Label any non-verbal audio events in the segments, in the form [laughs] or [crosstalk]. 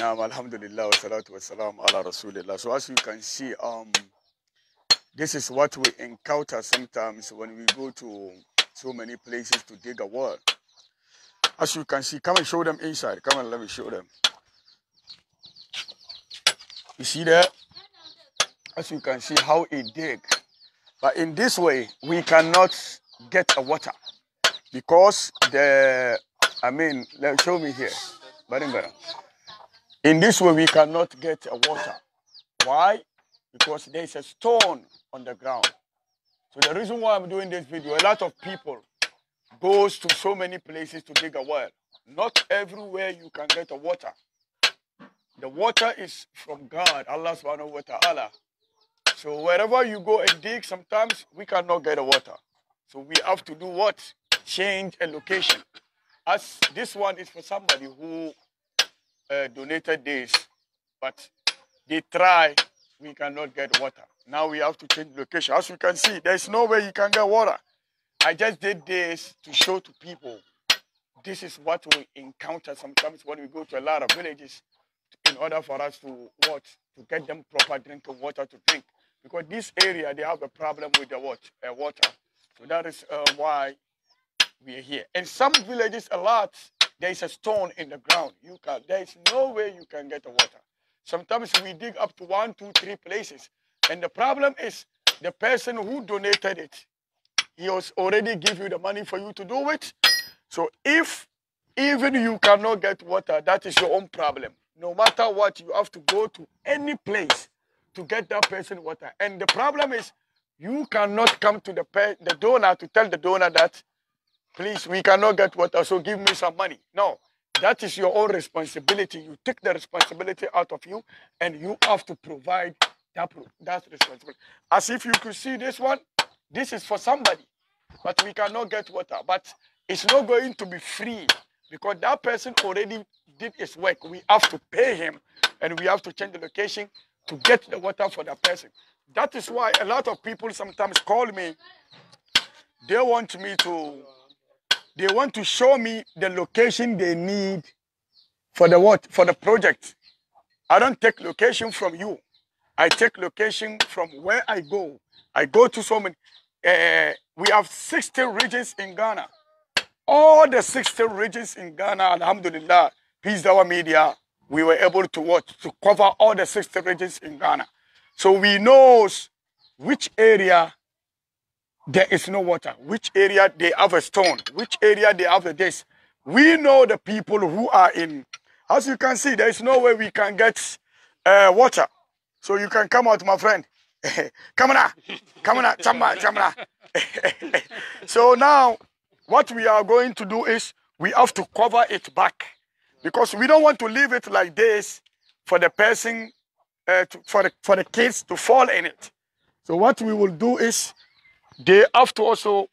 Now, Alhamdulillah, wa salatu wa ala Rasulillah. So, as you can see, um, this is what we encounter sometimes when we go to so many places to dig a well. As you can see, come and show them inside. Come and let me show them. You see that? As you can see, how it dig. But in this way, we cannot get a water because the, I mean, let show me here. Barimbara. In this way, we cannot get water. Why? Because there is a stone on the ground. So the reason why I'm doing this video, a lot of people goes to so many places to dig a well. Not everywhere you can get a water. The water is from God, Allah subhanahu wa ta'ala. So wherever you go and dig, sometimes we cannot get a water. So we have to do what? Change a location. As this one is for somebody who uh, donated this, but they try, we cannot get water. Now we have to change location. As you can see, there's no way you can get water. I just did this to show to people this is what we encounter sometimes when we go to a lot of villages in order for us to what to get them proper drinking water to drink because this area they have a problem with the what uh, water so that is uh, why we are here And some villages a lot there's a stone in the ground. You can, there's no way you can get the water. Sometimes we dig up to one, two, three places. And the problem is the person who donated it, he has already give you the money for you to do it. So if even you cannot get water, that is your own problem. No matter what, you have to go to any place to get that person water. And the problem is you cannot come to the, the donor to tell the donor that Please, we cannot get water, so give me some money. No, that is your own responsibility. You take the responsibility out of you, and you have to provide that, That's responsibility. As if you could see this one, this is for somebody, but we cannot get water. But it's not going to be free because that person already did his work. We have to pay him, and we have to change the location to get the water for that person. That is why a lot of people sometimes call me. They want me to they want to show me the location they need for the what? For the project. I don't take location from you. I take location from where I go. I go to so many. Uh, we have 60 regions in Ghana. All the 60 regions in Ghana, Alhamdulillah, Peace Our Media, we were able to watch, to cover all the 60 regions in Ghana. So we know which area there is no water. Which area they have a stone? Which area they have a this? We know the people who are in. As you can see, there is no way we can get uh, water. So you can come out, my friend. [laughs] come on, come on, chamba, chamba. [laughs] so now, what we are going to do is we have to cover it back because we don't want to leave it like this for the person, uh, to, for, the, for the kids to fall in it. So what we will do is they have to also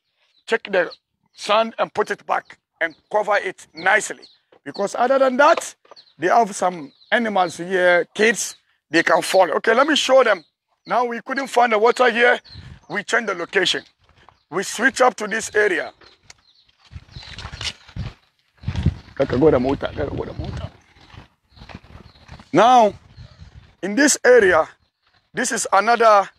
take the sand and put it back and cover it nicely. Because other than that, they have some animals here, kids, they can fall. Okay, let me show them. Now we couldn't find the water here. We change the location. We switch up to this area. Now, in this area, this is another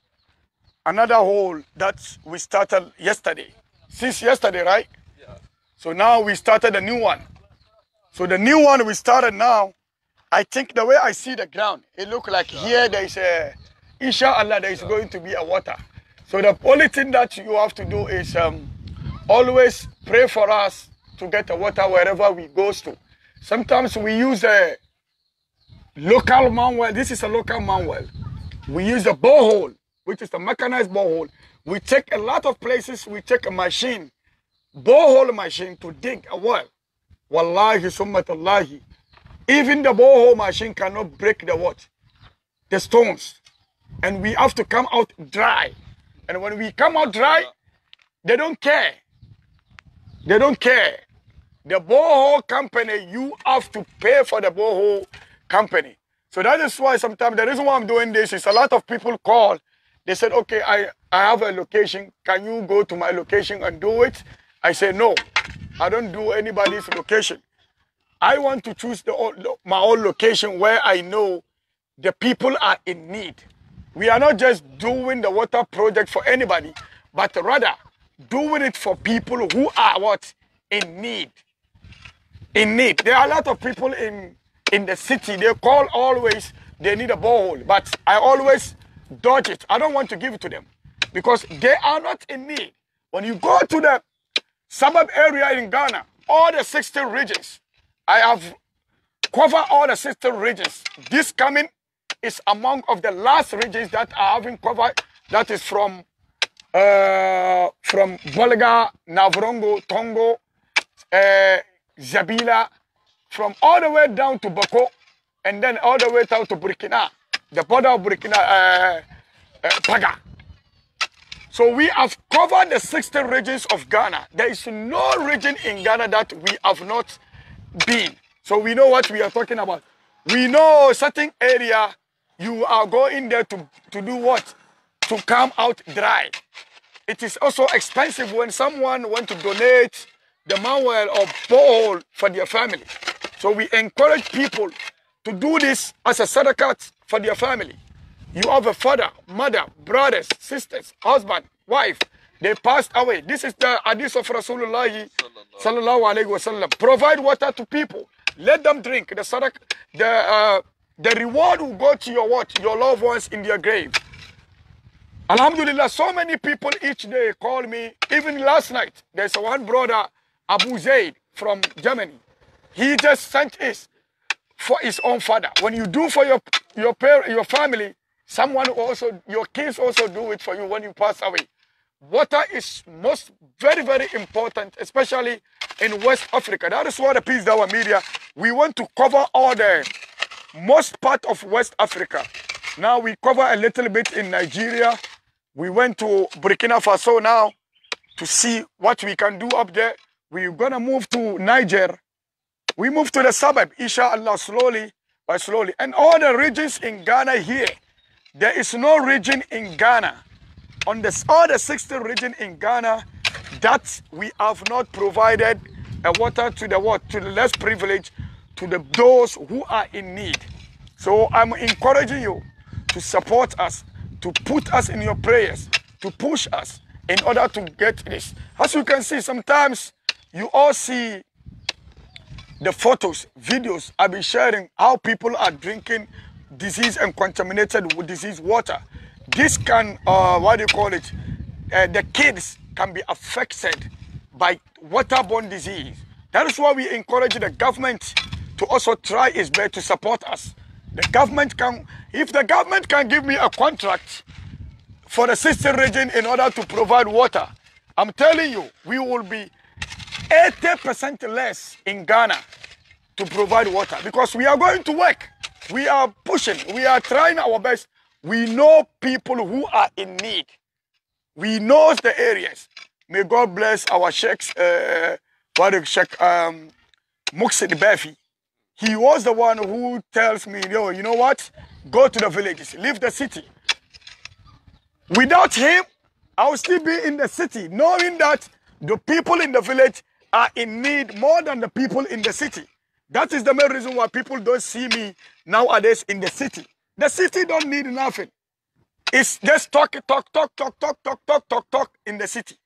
another hole that we started yesterday. Since yesterday, right? Yeah. So now we started a new one. So the new one we started now, I think the way I see the ground, it look like here there is a, inshallah, there is going to be a water. So the only thing that you have to do is um, always pray for us to get the water wherever we goes to. Sometimes we use a local man well. This is a local man well. We use a borehole which is a mechanized borehole. We take a lot of places, we take a machine, borehole machine to dig a well. Wallahi, summatallahi. Even the borehole machine cannot break the what? The stones. And we have to come out dry. And when we come out dry, they don't care. They don't care. The borehole company, you have to pay for the borehole company. So that is why sometimes the reason why I'm doing this is a lot of people call they said, okay, I, I have a location. Can you go to my location and do it? I said, no, I don't do anybody's location. I want to choose the, old, my own location where I know the people are in need. We are not just doing the water project for anybody, but rather doing it for people who are what? In need. In need. There are a lot of people in, in the city. They call always, they need a borehole. But I always Dodge it. I don't want to give it to them because they are not in need. When you go to the suburb area in Ghana, all the sixteen regions, I have covered all the sixteen regions. This coming is among of the last regions that I haven't covered. That is from uh, from Volga, Navrongo, Tongo, uh, Zabila, from all the way down to Boko, and then all the way down to Burkina the border of Burkina uh, uh, Paga. So we have covered the 60 regions of Ghana. There is no region in Ghana that we have not been. So we know what we are talking about. We know certain area you are going there to, to do what? To come out dry. It is also expensive when someone want to donate the manual or bowl for their family. So we encourage people to do this as a sadaqat for your family. You have a father, mother, brothers, sisters, husband, wife. They passed away. This is the hadith of Rasulullah sallallahu alaihi wasallam. Provide water to people. Let them drink. The sadaq, the uh, the reward will go to your what? Your loved ones in their grave. Alhamdulillah, so many people each day call me. Even last night, there's one brother, Abu Zaid from Germany. He just sent his for his own father. When you do for your your parent, your family, someone also your kids also do it for you when you pass away. Water is most very very important, especially in West Africa. That is why the Peace our Media we want to cover all the most part of West Africa. Now we cover a little bit in Nigeria. We went to Burkina Faso now to see what we can do up there. We're gonna move to Niger we move to the suburb, inshallah, slowly by slowly. And all the regions in Ghana here, there is no region in Ghana, on this, all the 60 region in Ghana, that we have not provided a water to the what, to the less privileged, to the those who are in need. So I'm encouraging you to support us, to put us in your prayers, to push us in order to get this. As you can see, sometimes you all see the photos, videos I've been sharing how people are drinking disease and contaminated with disease water. This can, uh, what do you call it? Uh, the kids can be affected by waterborne disease. That is why we encourage the government to also try its best to support us. The government can, if the government can give me a contract for the sister region in order to provide water, I'm telling you, we will be 80% less in Ghana to provide water because we are going to work. We are pushing. We are trying our best. We know people who are in need. We know the areas. May God bless our sheikhs, uh, Sheikh um, Muksid Befi. He was the one who tells me, Yo, you know what? Go to the villages, leave the city. Without him, I will still be in the city, knowing that the people in the village are in need more than the people in the city. That is the main reason why people don't see me nowadays in the city. The city don't need nothing. It's just talk, talk, talk, talk, talk, talk, talk, talk, talk in the city.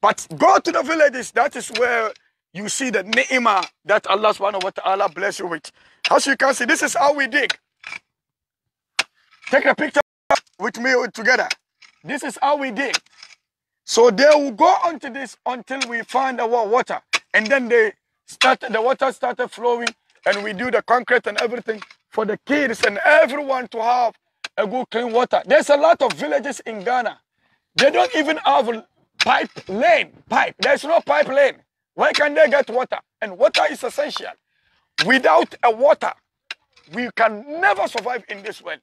But go to the villages. That is where you see the ni'mah that Allah subhanahu wa ta'ala bless you with. As you can see, this is how we dig. Take a picture with me together. This is how we dig. So they will go on to this until we find our water. And then they start, the water started flowing and we do the concrete and everything for the kids and everyone to have a good clean water. There's a lot of villages in Ghana. They don't even have pipe lane, pipe. There's no pipe lane. Where can they get water? And water is essential. Without a water, we can never survive in this world.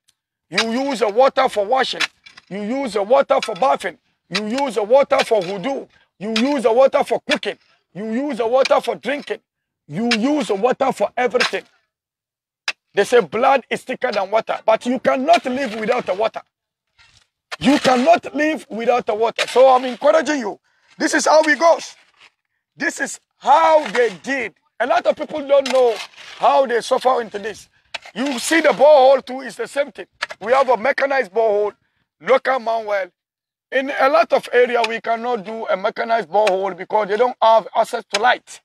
You use the water for washing. You use the water for bathing. You use the water for voodoo. You use the water for cooking. You use the water for drinking. You use the water for everything. They say blood is thicker than water, but you cannot live without the water. You cannot live without the water. So I'm encouraging you. This is how it goes. This is how they did. A lot of people don't know how they suffer into this. You see the borehole too, it's the same thing. We have a mechanized borehole, local man well, in a lot of area, we cannot do a mechanized borehole because they don't have access to light.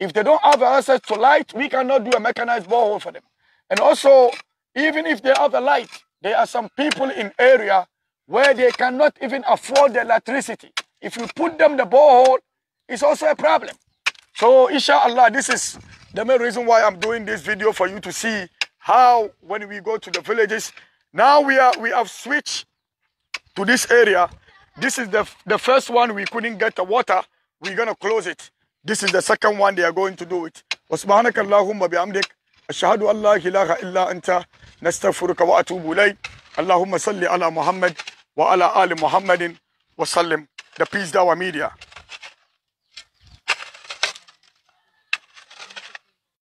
If they don't have access to light, we cannot do a mechanized borehole for them. And also, even if they have a light, there are some people in area where they cannot even afford the electricity. If you put them the borehole, it's also a problem. So, inshallah, this is the main reason why I'm doing this video for you to see how when we go to the villages. Now we are we have switched to this area. This is the, the first one we couldn't get the water. We're going to close it. This is the second one they are going to do it. وسبحانك اللهم بحمدك أشهد أن لا إله إلا أنت نستغفرك وأتوب إليك اللهم صل على محمد وعلى آل محمد وسلم The Peace Dawa Media